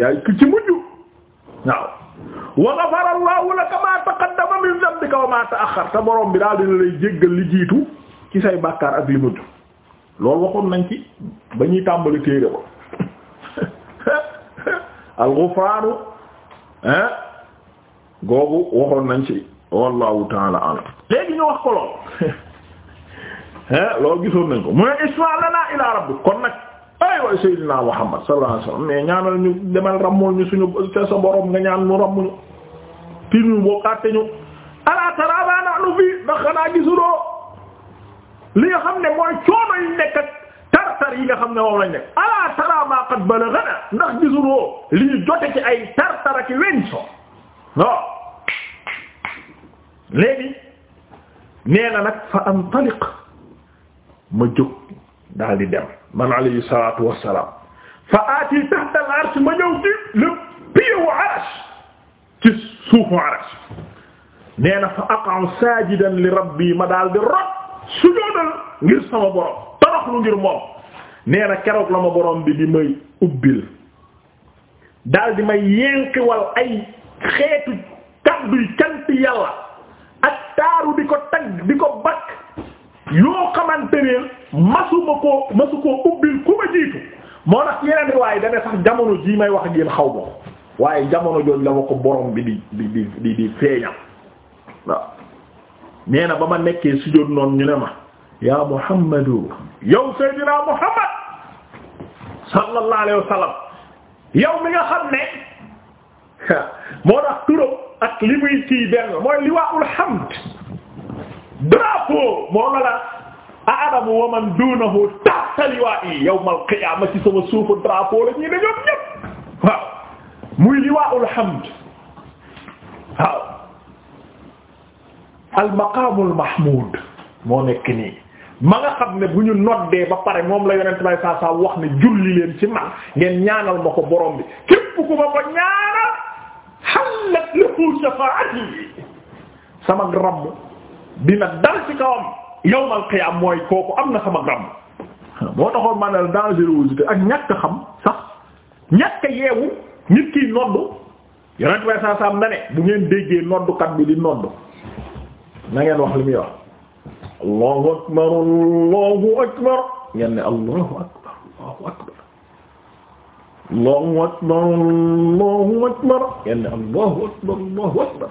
yaay ci mujj waaw wa ghafara Allahu laka ma taqaddama min dhanbika wa ma ta'akhkhar te borom bi daal dina lay jéggal li jiitu ci say bàkkaar ak li mujj loolu waxoon nañ ci ba ñuy tàmbali téere ba al googu waxoon nañ ci wallahu ta'ala léegi ñu wax ko lool hein gisoon nañ ko mu ne isma lana ila rabbik kon nag ay waay Seydina Muhammad sallallahu alayhi sa borom nga ñaan ñu rammuñu pir ñu boo kàtte ala tara ma nahnu fii ndax xanaa gisuloo li nga xam ne mooy coono yi nekk tartar yi nga xam ne moom lañ nekk ala tara ma qad balaghana ndax gisuloo li jote ci ay tartar ak weñ so waaw léegi na nag fa antaliq ma jóg daal di dem man alayhi salaatu wassalaam fa aati tahta al-arsh ma ñëw ci le pied wu arsh ci suufu arsh nee na fa aqa'u saajidan li rabbi ma daal di rot sujóodal ngir sama borom toroxlu ngir moom nee na keroog la ma borom bi di may ubbil daal di may yenqiwal ay xeetu kadduy cant yàlla ak taaru di ko tagg di ko bakk yoo xamante ne masuma koo masu koo ubbil ku ma jiitu moo tax yeneen riwaay dane sax jamono jii may wax ak yéen xaw ma ko waaye jamono joon la ma ko borom bi di di di ba ma nekkee sujjóot noonu ñu ne ma yaa Muhammadu yow Seydina Muhammad sallallahu alayhi wa sallam yow mi nga ne moo tax turam ak li muy kii benn mooy liwaa'ul hamd drapeau moo la la aadamu wa man duunahu tahta liwaa'i yawmal qiyaama ci sama suufu drapeau la ñuy ne ñoom ñëpp muy liwaa'ul hamd waaw al maqaamul moo nekk nii ma nga xam ne bu ñu noddee ba pare moom la yonent bay saa saa wax ne julli leen ci man ngeen ñaanal ma ko borom bi képp ma ko ñaanal hallat lahu shafaati sama rabb dina dal ci kawam yawmal qiyaam mooy kooku am na sama gram moo taxoon ma ne la dangerosité ak ñàkk xam sax ñàkk yeewu nit kiy noddu yonent way saa saam na ne bu ngeen déggee noddukat bi di noddu na wax li muy wax allahu akbar allahu akbar ngeen allahu akbar allahu akbar allahu allahu akbar allahu akbar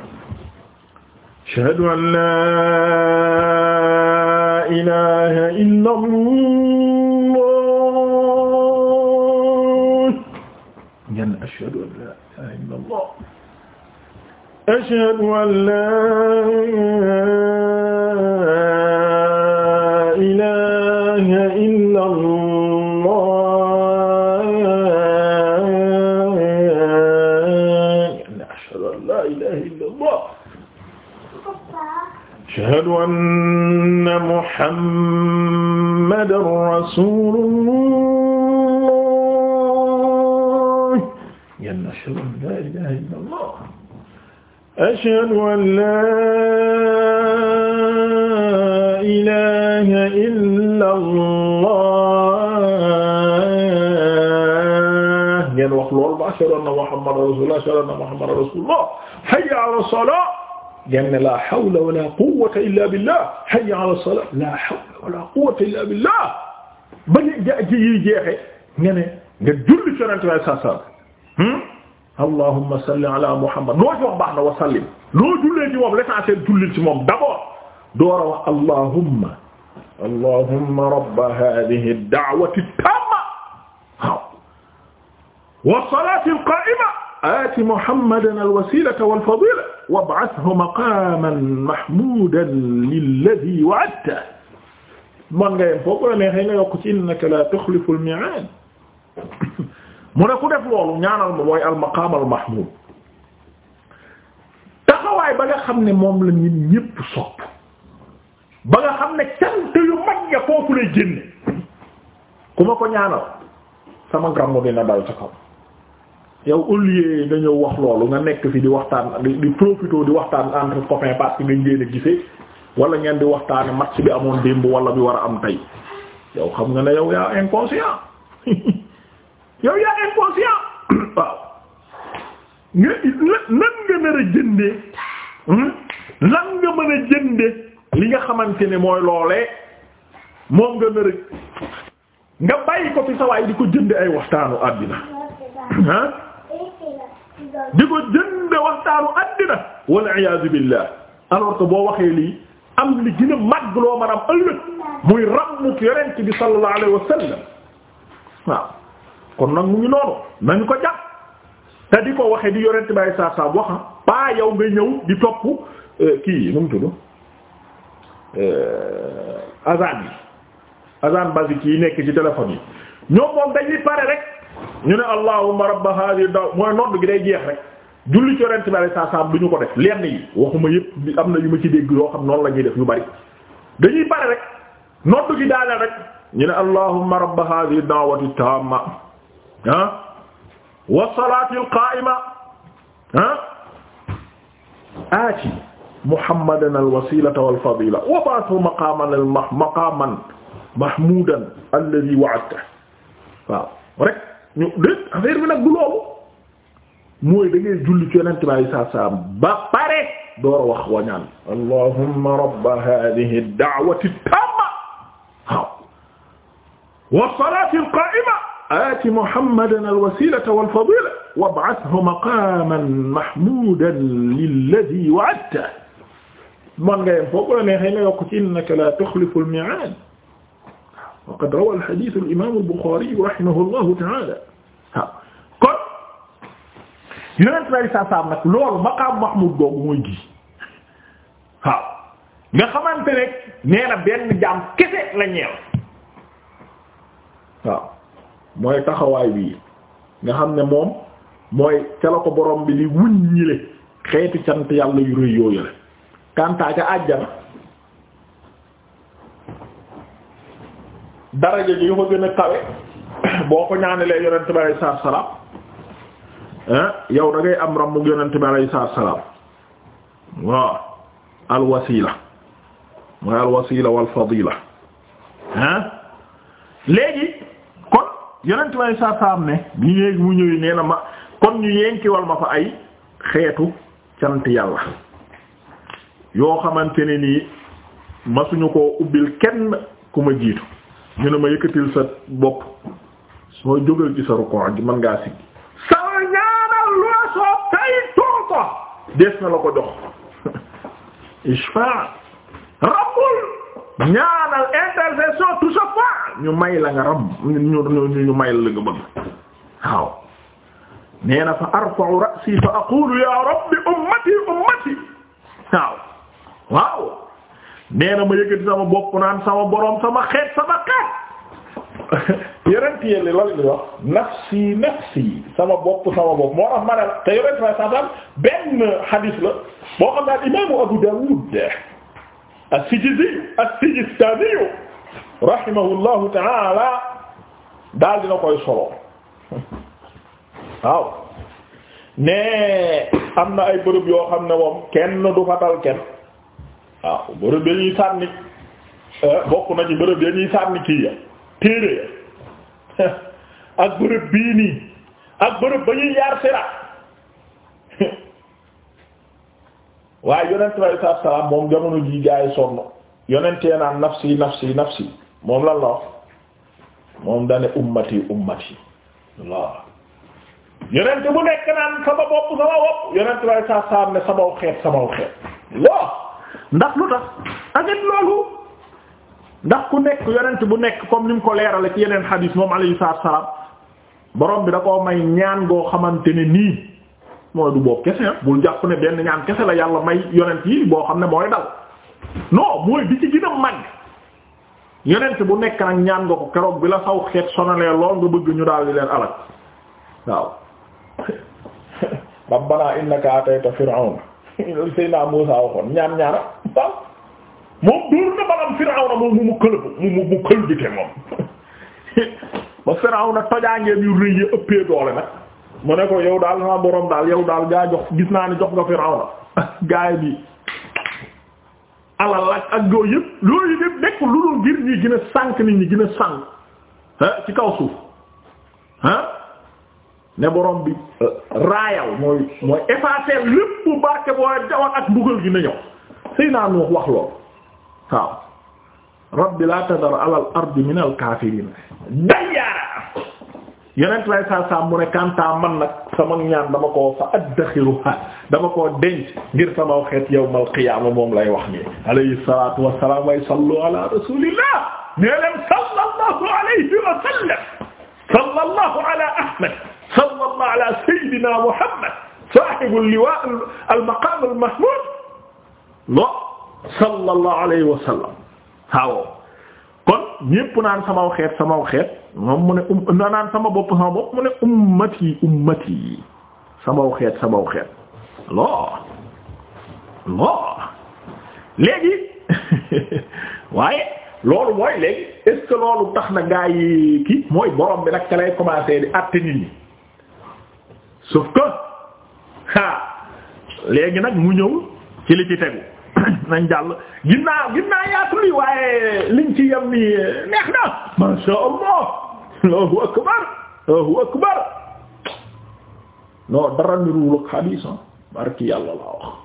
ashhadu an laa ilaaha illallaah ngeen ashhadu an laa ilaaha illallaah ashhadu an laa ashhadu anna muhammadan rasulullah yan ashhadu an la ilaha illa allah ashhadu an la ilaha illa allah ngeen wax lool ba ashhadu anna muhammadan rasulullah ashhadu anna muhammadan rasulullah hayya ala salat ngeen ne la hawla wala quwwata illa billah hayya ala salah la hawla wala quwwata illa billah ba ji yi jeexe nga ne nga julli conante way sa sab allahumma salli ala muhammad loo ci wax baax na wa sallim loo jullee ci moom l'essentiel jullil ci moom d'abord door a wax allahumma allahumma rabba hadhihi ad-da'wati at-tamma waaw wa salati al-qa'ima ati muhammadan al-wasilata wal-fadila wab'athhu maqaaman mahmuudan lilladhii wa'adtahu man nga yem foofu la neexee nga yokk ci innaka laa tukhlifu al-mi'aad mu ne ku def loolu ñaanal ma mooy al-maqaam al-mahmuud taxawaay ba nga xam ne moom la nit ñépp sopp ba nga xam ne cant yu mag nga foofu lay génne ku ma ko ñaanal sama gàmmu dina dal sa kaw. yow au lieu nga ñëw wax loolu nga nekk fi di waxtaan di profité di waxtaan entre copains parce que nga ngeen a gisee wala ngeen di waxtaane match bi amoon démb wala bi war a am tey yow xam nga ne yow yaa inconscient yow yaa inconscient waaw nga nan nga mën hmm? nga mën a jëndee li nga xamante ne mooy loole moom nga mën a nga bàyyi ko fi sa di ko jënde ay waxtaanu àddina di ko jënd waxtaanu àddina wal iyaadu billah alors que boo waxee lii am li gën a màgg loo mën a am ëllëg muy ràmmuk yonent bi sallallahu alayhi wa waaw kon nag mu ngi noonu nañ ko jàpp te di ko waxee di yonent bi saa saa wax paa yow nga ñëw di topp euh, kii nu mu tudd euh, azan yi azan basique yi nekk ci téléphone yi ñoom moom dañuy pare rek. ñu ne allahumma rabba hadhihi daw mooy nodd gi day jeex rek julli ci yonent bi sallallahu alayhi wasallam du ñu ko def lenn yi waxuma yëpp am na yu ma ci dégg yoo xam noonu la ñuy def yu bari dañuy bare rek nodd gi daaneel rek ñu ne allahumma rabba hadhihi da'wati tamma ah wa salati al-qa'ima ah aati muhammadan al-wasilata wal-fadila wa ba'athu maqaman al maqaman mahmudan alladhi wa'adta waaw rek ñu dét affaire bi nag du loolu mooy da ngay julli ci yonent bi alei saatu salaam ba pare door a wax wañaan allahumma rabba hadhihi ad-da'wati at-tamma waaw wa salati al-qa'ima ati muhammadan al-wasilata wal-fadila wab'athhu maqaman mahmudan lilladhi wa'adtahu man nga yem foofu la neexee nga yokk ci innaka la tukhlifu al-mi'ad waqad rawa alxadith alimamu alboxariyu rahimahu allahu taala waaw kon yonent nay saa saam nag loolu maqaam mahmud googu mooy gi nga xamante rek nee benn jaam kese la ñeel mooy taxawaay bi nga xam ne moom mooy ca la ko borom bi di wuññile xeeti cant yàlla yu rëy yooyu la kantaa ca àjjana daraja ji ko gën a kawe boo ko ñaanalee yonent bi alayhi salaatu salaam ah yow da ngay am rambu yonent bi alayhi salaatu salaam waaw al wasila mooy al wasila wal fadila ah léegi kon yonent bi alayhi salaatu salaam ne bi léegi mu ñëwee nee na ma kon ñu yenkiwal ma fa ay xeetu cant yàlla yoo xamante ne nii ma suñu ko ubbil kenn ku ma jiitu. ñu ne ma yëkkatil sa bopp soo jógal ci sa rukkoo gi mën ngaa siggi sama ñaanal lu soo tay tuur ko des na la ko jox ishfa rabbul ñaanal intercession tout ñu may la nga ram ñu ñu may la nga bëgg waaw nee na fa arfa'u ra'si fa aqulu ya rabbi ummati ummati waaw waaw nee na ma yëkkati sama bopp naan sama borom sama xeet sama xeet yonent yelle la li nafsi nafsi sama bopp sama bopp moo tax la te yonent fa sasam benn hadith la boo xam naa imaamu Abu Dawud as-Sijizi as-Sijistani rahimahullahu ta'ala daal dina koy solo waaw ne am na ay bërëb yoo xam ne moom kenn du fatal kenn waaw bërëb ya ñuy sànni eh, bokk na ci bërëb ya ñuy sànni kii ya téere ya ak bërëb bii nii ak bërëb ba ñuy yaar siraat waaye yonent bi saa salaam moom jamono ji gaa yi sonn yonentee naan nafsi nafsi nafsi moom la wax moom dane ummati ummati waaw yonent bu nekk naan sama bopp sama bopp yonent bi saa salaam ne samaw xeet samaw xeet waaw ndax lu tax avec loolu ndax ku nekk yonent bu nekk comme ni mu ko leerale ci yeneen xadiis moom alayhi salaatu wa salaam borom bi da koo may ñaan goo xamante ne nii mooy du boobu kese ah bul jàpp ne benn ñaan kese la yàlla may yonent yi boo xam ne mooy dal non mooy bi ci gën a mag yonent bu nekk nag ñaan nga ko keroog bi la saw xeet sonalee lool nga bëgg ñu daal leen alal waaw rabbana innaka atayta fir'auna loolu Seydina Muusaa ñaan ñaara moom dóor na balam Firawna moom mu kël bi te moom ba Firawna tojaangeem yu rëy ya ëppee doole nag mu ne yow daal sama borom daal yow daal gaa jox gis naa ne jox nga Firawna gaay bi alal ak ak yëpp loolu yëpp nekk lu dul ngir ñi gën a nit ñi gën a sànk ci kaw suuf ah ne borom bi euh, raayal mooy mooy effacer lépp barke booy dawal ak mbugal gi na ñëw sëy naa wax lool waaw la tadar ala al min al kaafiriin dayyaara lay saa saa kanta man nag sama ñaan dama koo fa addaxiruha dama koo denc ngir sama xeet yawmal qiyaama moom lay wax nii alayhi salaatu wassalaam way sallu ala rasulillah nee leen sallallahu alayhi wa sallam sallallahu ala ahmad sallallahu ala sayyidina Muhammad sahibu liwa al-maqam al-mahmud lo sallallahu alayhi wa sallam waaw kon ñépp naan samaw xeet samaw xeet moom mu ne um naan sama bopp sama bopp mu ne ummati ummati samaw xeet samaw xeet lo lo léegi waaye loolu mooy léegi loolu tax na gaa yi kii mooy borom bi nag ca lay commencer di sauf que léegi nag mu ñëw ci li ci tegu nañ jàll ginnaaw ginnaaw yaatu li waaye liñ ci yem ni eh, neex na ma sha Allah Allahu akbar Allahu akbar non dara niruwul ak xadiis ah. barki yàlla laa wax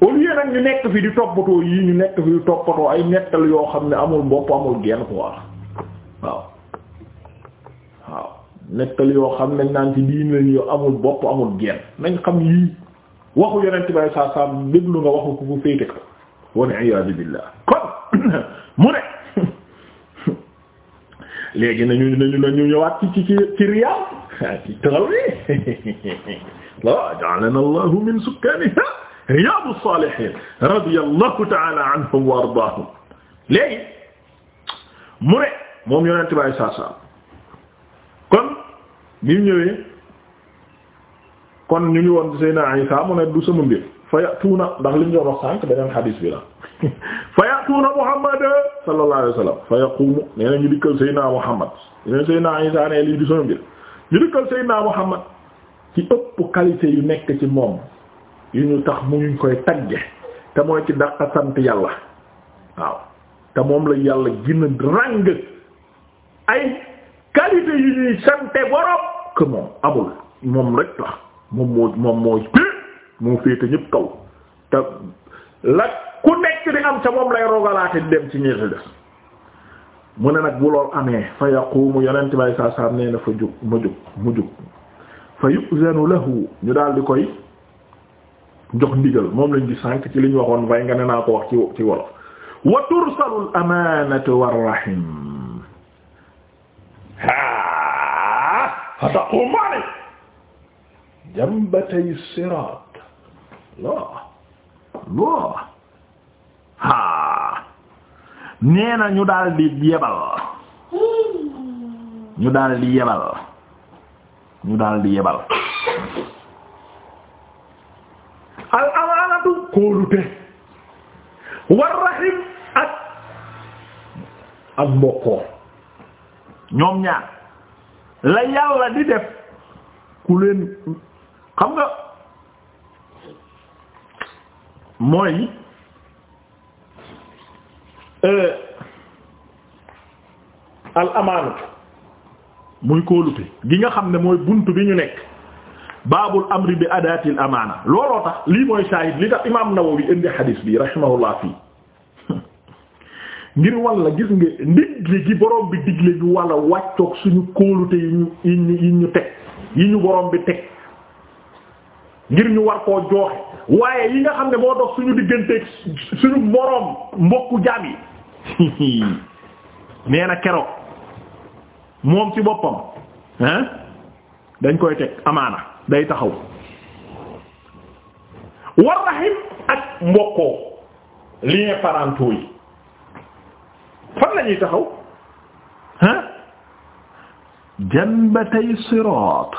au lieu nag ñu nekk fi di toppatoo yii ñu nekk fi di toppatoo ay nettal yoo xam ne amul bopp amul genn quoi waaw nekkal yoo xam nañ naan ci diin lañ yoo amul bopp amul geen nañ xam yii waxu yonent bay saa saa déglu nga waxu ko ku féete ko wane iyaadu billah kon mu ne léegi nañu nañu nañu ñëwaat ci ci ci riyaal ci taxaw ni la ja'alana allahu min sukkaaniha riyaadu saalihiin radiyallahu ta'ala anhum wa ardaahum léegi mu ne moom yonent bay saa saa kon bi ñëwee kon ñu ngi woon Seydina Isa mu ne du sama mbir fa yatuuna ndax liñ ñu wax sànq beneen xadiis bi la fa yatuuna Muhammad sallallahu alayhi wasallam fa yaqumu nee ñu dikkal Seydina Muhammad ñu lii du sama mbir ñu dikkal Seydina Muhammad ci ëpp qualité yu nekk ci moom yu ñu tax mu ñu koy tagge te mooy ci daq sant yàlla waaw te moom la yàlla gën ràng ay qualité yi ñuy sante borom que moom amul moom rek la moom moo moom moo pii moo kaw te la ku nekk di am ca moom lay rogalaate dem ci ñetti des mu ne nag bu lool amee fa yaqumu yonent bay saa saa nee fa jug mu jug mu jug fa yuzanu lahu ñu daal di koy jox ndigal moom lañ di sànk ci li waxoon way nga ne naa ko wax ci ci wolof wa tursalul amanatu war ah ataqumaani jambatay siraat loo loo ah nee na ñu daal di yebal ñu di yebal ñu daal di yebal. al rahim ak ak mbokkoo. ñoom ñaar la yàlla di def ku leen xam nga mooy euh, al amaanatu muy kóolute gi nga xam ne mooy bunt bi ñu nekk baabul amri bi adaatil amaana looloo tax lii mooy saahid li tax imaam Nawawi indi xadiis bi rahimahullah fii ngir walla gis nga ndigle gi borom bi digle gi walla wàccoog suñu kóolute yi ñu yi ñu yi teg yi ñu borom bi teg ngir ñu war koo jooxe waaye yi nga xam ne moo dox suñu digganteeg suñu moroom mbokku jaam yi nee na keroog moom ci boppam ah dañ koy teg amaana day taxaw war rahim ak mbokkoo lien parentaux yi fan la ñuy taxaw ah janbatay sirat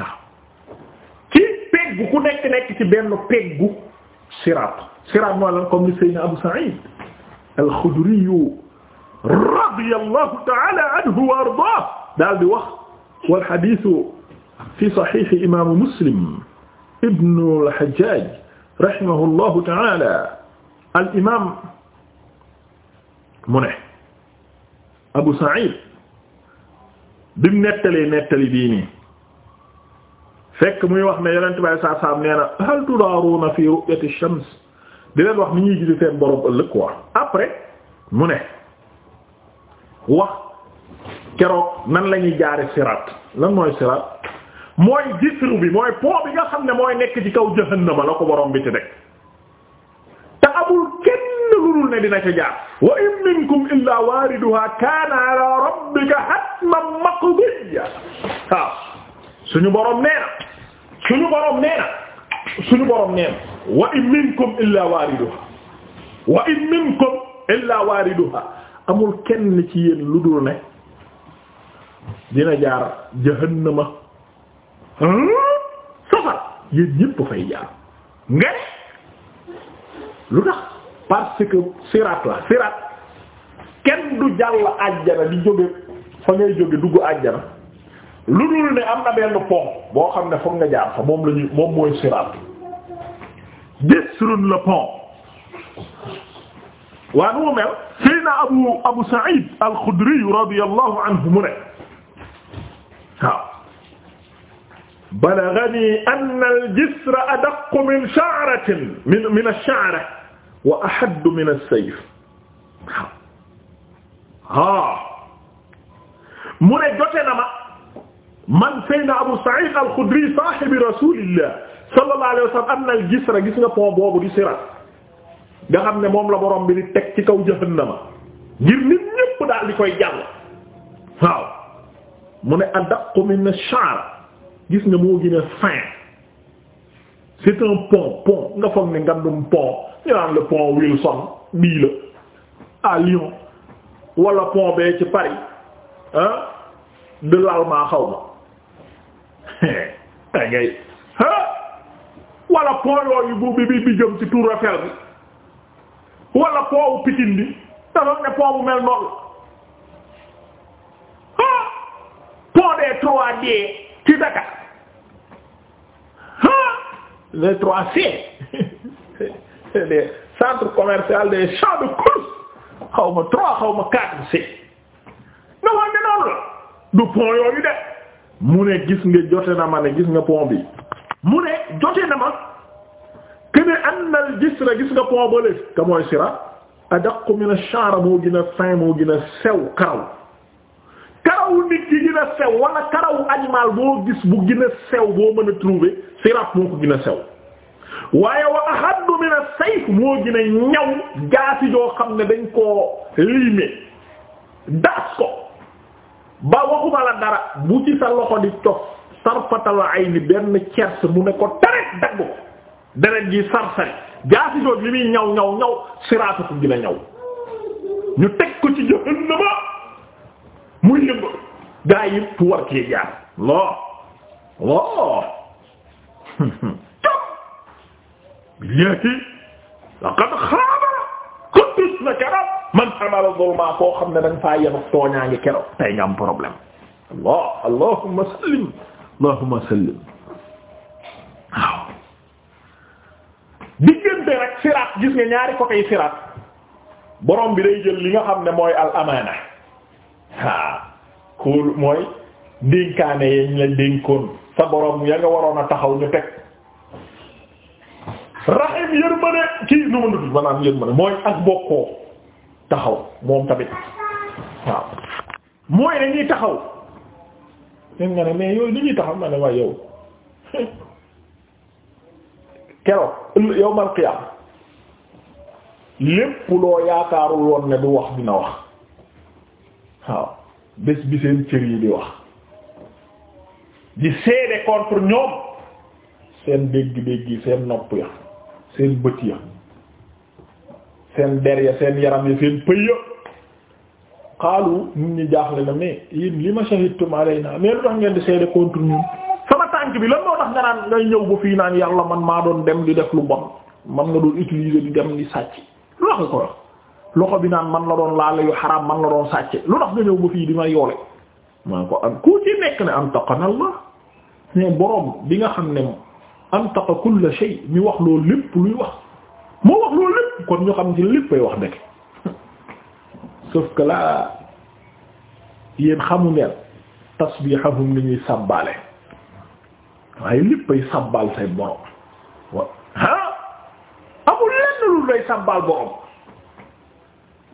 waaw ci peggu ku nekk nekk ci benn peggu sirat sirat mooy lan comme ni Seydina Abu Sa'id al-Khudri radiyallahu ta'ala anhu wa ardaah daal di wax wal hadith fi sahih imam Muslim ibn al-Hajjaj rahimahu llahu ta'ala al imam mu ne Abu Sa'id bimu nettalee nettali bii nii fekk muy wax ne yonent bay saa saam nee na hal tudaaruna fi ru'yati shams di leen wax ni ñuy gisi seen borom lëkk quoi après mu ne wax keroog nan la ñuy jaare siraat lan mooy siraat mooy jisru bi mooy pont bi nga xam ne mooy nekk ci kaw jahannama la ko borom bi ci rek ne dina ca minkum illa waariduha kaana ala rabbika hatman maqdiya waaw suñu borom nee na suñu borom nee na minkum illa waariduha wa minkum illa waariduha amul kenn ci yéen lu dul ne dina jaar jahannama hmm? safar yéen ñépp fay jaar lu tax parce que la sirat kenn du jàll àjjana di jóge fa dugg àjjana lu dul ne am na benn pont boo xam ne foog nga jaar fa moom lañuy moom mooy sirat jësrun le pont waa nu mu mel Abu Abu al-Khudri radiyallahu anhu mu ne waaw balaghani anna al-jisra adaqqu min sha'ratin wa ahaddu min as-sayf waaw ah mu ne jote na ma man Seydina Abu Sa'id al-Khudri sahibi rasulillah sallallahu alayhi wa sallam am na al-jisra nga pont boobu di sirat ne moom la borom bi di teg ci kaw jahannama ngir nit ñépp daal di koy jàll mu ne adaqu min ash-sha'r gis nga moo gën a fin c'est un pont pont nga foog ne ngandum pont ñu naan le pont Wilson bii la à Lyon wala bee ci Paris ah de l'allemand xaw ma da ngay ah wala pont yooyu bu bi bi jëm ci Tour Eiffel bi wala pont bu Pikine bi nga foog ne pont bu mel noonu ah pont des 3D ci Dakar les trois C des centres commerciaux des champs de course xaw ma trois xaw ma quatre C nga wax ne noonu la du pont yooyu de mu ne gis nga jote na ma ne gis nga pont bi mu ne jote na ma que ne gis na gis nga pont ba léegi mooy sira adaq min ash-sha'r moo gën a moo gën sew karaw karaw nit ki gën sew wala karaw animal boo gis bu gën sew boo mën a trouver sirab moo ko gën a sew waaye wa ahaddu min as-sayf moo gën ñaw jaasi joo xam ne dañ koo liime das ko ba waxuma la dara bu ci sa loxo di cof sarfatal ayni benn cers bu ne ko deret dagg ko deret ji sarsari jaasi joo li muy ñaw ñaw ñaw siraatu ko gën ñaw ñu teg ko ci jahannama muy yëngu gaa yi war kee jaar loo loo léegi laqad xaaba kutus na keroog man amala zulma koo xam ne da nga faa yenu tooñaa ngi keroog tey nga am problème allah allahumma sallim allahumma sallim waaw diggante rek siraat gis nga ñaari côté yi siraat borom bi day jël li nga xam ne mooy al amaana haa kuul mooy dénkaane yañ la dénkoon sa borom ya nga waroon a taxaw ñu teg rahim yërmande kii nu ma nuti maanaam yërmande mooy ak bokkoo taxaw moom tamit waaw mooy dañuy taxaw dégg nga ne mais yooyu li ñuy taxaw ma ne waaye yow keroog yawmal qiyaam lépp loo yaakaarul ne du wax dina wax waaw bés bi seen cër yi di wax di seede contre ñoom seen dégg-dégg yi seen nopp ya seen bët ya seen der ya seen yaram ya seen pëy ya xaalu nit ñi jaaxle na mais li ma shahidtum alayna mais lu tax ngeen di seede contre ñun sama tànk bi lan moo tax nga naan ngay ñëw ba fii naan yàlla man maa doon dem di def lu bon man nga doon utiliser di dem di sàcc lu ko wax loxo bi naan man la doon laale yu xaraam man la doon sàcce lu tax nga ñëw ba fii di ma yoole maa ko am ku ci nekk ne am taqanallah ne borom bi nga xam ne antaqa kulla shay mi wax loolu lépp luy wax moo wax ko lépp kon ñu xam ci léppay wax dëgg sauf que là yéen xamu ngeen tasbihahum li ñuy sàbbaale waaye léppay sàbbaal say borom wa ah amul lu lay sàbbaal borom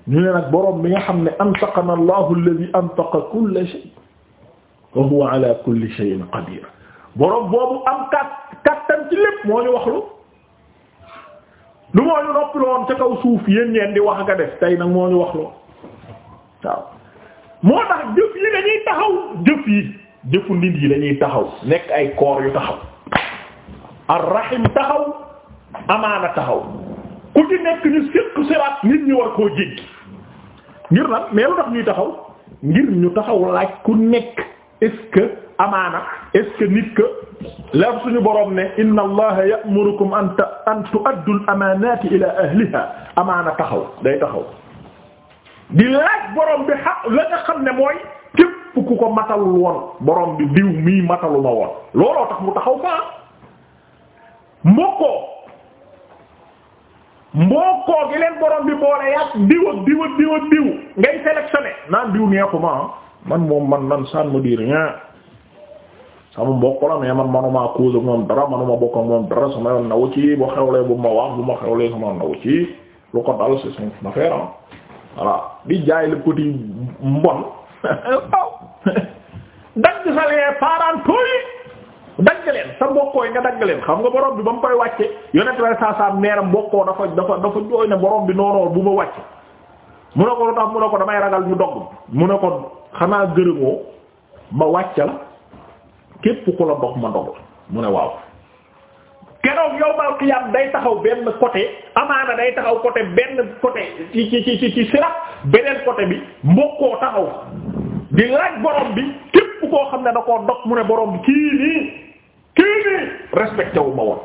ñu ne ak borom bi nga xam ne antaqana allahu alladhi antaqa kulla shay wa huwa ala kulli shay'in qadir borom boobu am kat kattan ci lépp moo ñu waxlu lu moo ñu ca kaw suuf yéen ngeen di wax nga def tey nag moo ñu waxlu waaw moo tax jëf yi dañuy taxaw jëf yi jëfu nit yi dañuy taxaw nekk ay koor yu taxaw arrahim taxaw amaana taxaw ku ci nekk ñu séq siraat nit ñi war koo jéggi ngir nag mais lu tax ñuy taxaw ngir ñu taxaw laaj ku nekk est amaana est nit que la suñu borom ne inna allaha ya'murukum an an tu'addu al ila ahliha amaana taxaw day taxaw di laaj borom bi xaq la nga xam ne mooy képp ku ko matalul woon borom bi diw mii mataluma woon looloo tax mu taxaw fa mbokkoo mbokkoo gi leen borom bi boole yàq diw ak diw ak diw ngay sélectionné naan diw neexuma man moom man man ça ne me sama mbokk la mais man manuma cause moom dara manuma bokk ak moom dara sama yoon naw ci bu xewlee bu ma wax bu ma xewlee sama yoon naw ci lu ko dal c'est son affaire ah di jaay le petit mbon waaw dagg sa lee parentaux yi dagg leen sa mbokkoo yi nga dagg leen xam nga borom bi ba mu koy wàcce yonent lay saa saa meeram mbokkoo dafa dafa dafa jooy ne borom bi noonoon bu ma wàcce mu ne ko lu tax mu ne ko damay ragal mu dogg mu ne ko xanaa gërëmoo ma wàcce képp ku la dox ma dox mu ne waaw keroog yowmal qiyam day taxaw benn côté amaana day taxaw côté benn côté ci ci ci ci sirat beneen côté bi mbokkoo taxaw di laaj borom bi képp koo xam ne da koo dog mu ne borom bi kii nii kii nii respecté wu ma woon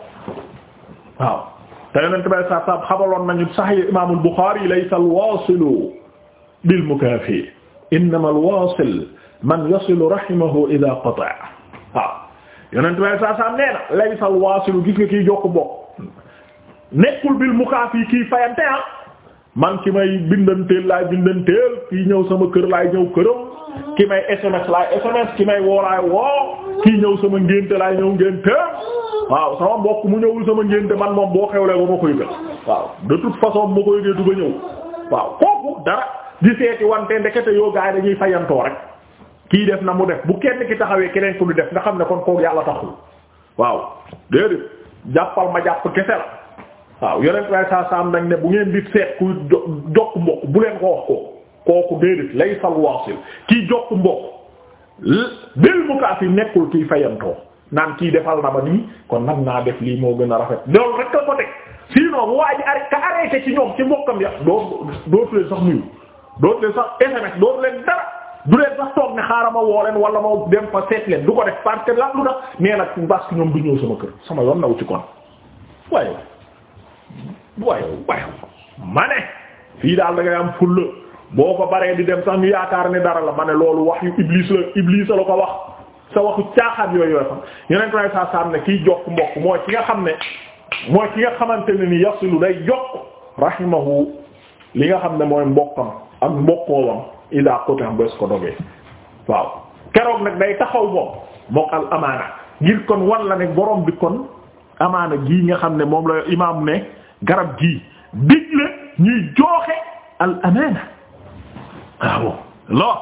waaw te yonent bay sa sab xamaloon nañu sahih imam al-Bukhari laysa al-wasilu bil mukafi innama al-wasil man yasilu rahimahu idha qata'a waaw yonent way saa saa nee na lay sal waasilu gis nga kiy jokk bokk nekkul bil mukaafi kiy fayante ah man ki may bindanteel laay bindanteel kii ñëw sama kër laay ñëw këram ki may SMS laay SMS ki may woo laay woo ñëw sama ngénte laay ñëw ngénte waaw sama mbokk mu ñëwul sama ngénte man moom boo xewlee ba ma koy gën waaw de toute façon ma koy gëtu ba ñëw waaw kooku dara di seeti wante ndekete yoo dañuy fayantoo rek kii def na mu def bu kenn ki taxawee keneen ku lu def nga xam ne kon kooku yàlla taxul waaw déedéet jàppal ma jàpp kese la waaw yonent way saa saam nag ne bu ngeen di seet kuy jokk mbokk bu leen ko wax kooku kooku déedéet lay sal waasil kii jokk mbokk bil mukaaf yi nekkul kiy fayantoo naan kii defal na ma nii kon nag naa def lii moo gën a rafet loolu rek la ko teg sinon bu waa ji ka arrêté ci ñoom ci mbokkam ya dootu leen sax du leen sax toog ne xaaral ma woo leen wala ma dem fa seet du ko def parce que la lu tax nee nag parce que ñoom du ñëw sama kër sama yoon naw ci kon waaye waaye waaye fii daal da am fulla boo ko baree di dem sax ñu yaakaar ne dara la ma ne loolu wax yu iblis la iblis la ko wax sa waxu caaxaan yooyu yooyu xam yeneen ko saa saa am ne kiy jokk mbokk mooy ki nga xam ne mooy ki nga xamante ne ni yasilu day jokk rahimahu li nga xam ne mooy mbokkam ak mbokkoowam ila qutam bes ko dogee waaw keroog nag day taxaw moom mook al amaana ngir kon wan la ne boroom bi kon amaana gii nga xam ne moom la imaamu ne garab gii digle ñuy jooxe al amaana waaw loo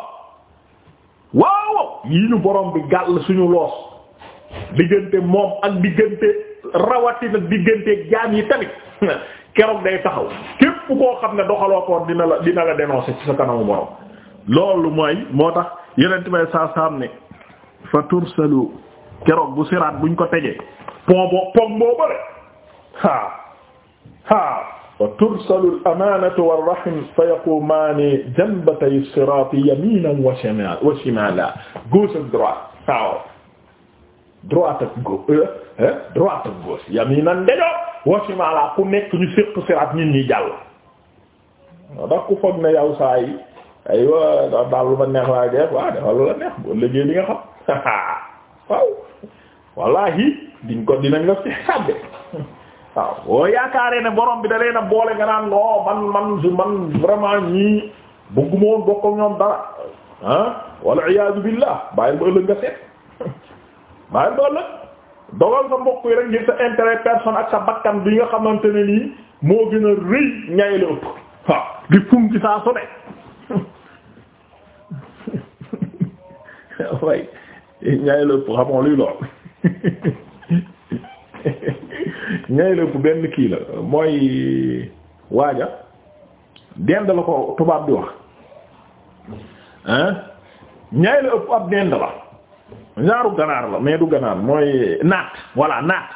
waaw yii ñu boroom bi gàll suñu loos diggante moom ak diggante rawatina diggante jaam yi tamit keroog day taxaw képp koo xam ne doxaloo ko dina la dina la dénoncer ci sa kanamu borom loolu mooy moo tax yenent may saa saam fa tursalu keroog bu siraat buñ ko tegee pont bo pont boo bëre haa haa fa tursalu al amanatu war fa yaqumaani janbatay siraati yaminan wa wa shimalan gauche droite waaw euh, euh, droite ak gauche droite wa shimalan ku nekk ñu séq siraat nit ñi jàll ndax ku foog ne yow saa yi aywa daal daal lu ma neex laa def waaw defal lu la neex boo liggéey li nga xam waaw wallahi diñ ko dinañ la fi waaw boo yaakaaree ne borom bi da na a boole nga naan non man man su man vraiment bëgguma woon bokk ak ñoom dara ah wala iyaazu billah bàyyil ba ëllëg nga seet bàyyil ba ëllëg dogal sa mbokk yi rek ngir sa intérêt personne ak sa bakkan bi nga xamante ne nii moo gën a rëy ñay la ëpp di fum saa su way ñaay lëpp xamoo luy lool ñaay lëpp benn kii la mooy waaja dend la ko tubaab di wax hein ñaay la ëpp ab dend la ñaaru ganaar la mais du ganaar mooy naat voilà naat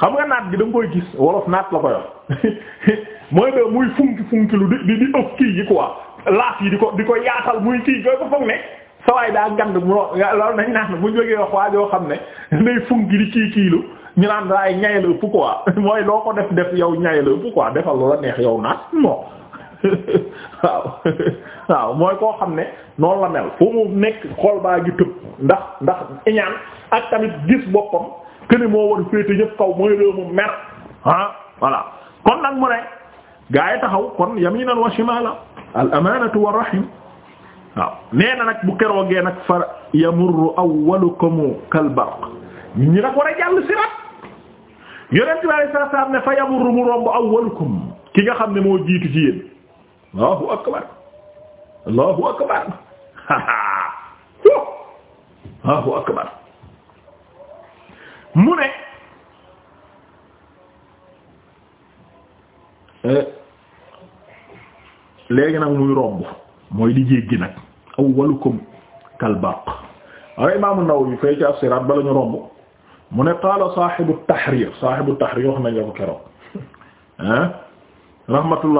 xam nga naat gi da nga koy gis wolof naat la ko wax mooy de muy funki funki lu di di ëpp kii yi quoi laaf yi di ko di ko yaatal muy kii koy ko foog ne sawaay daa gand munoo loolu nañ naan bu jógee wax waa joo xam ne day funki di kii ñu naan daay ñaye la ëpp mooy loo ko def def yow ñaye la ëpp quoi defal la neex yow naat moo waaw waaw mooy koo xam ne noonu la mel fu mu nekk xol baa gi tëb ndax ndax iñaan ak tamit gis boppam këni moo war féete ñëpp kaw mooy réew mu mer ah voilà kon nag mu ne gaa yi taxaw kon yaminan wa shimala al amanatu war rahim waaw nee nag bu keroogee nag fa yamurru awwalukum kal barq ñi nag war a jàll sirat yonent bi ne fa yamurru mu romb nga xam ne moo jiitu ci yéen allahu akbar allahu akbar allahu akbar mu ne eh, léegi nag muy romb mooy di jéggi nag awwalukum kalbaq waaw imaamu Nawawi fay ci as-Siraat bala ñu romb mu ne qaala saaxibu tahriir saaxibu tahriir wax nañ la ko keroog ah rahmatullah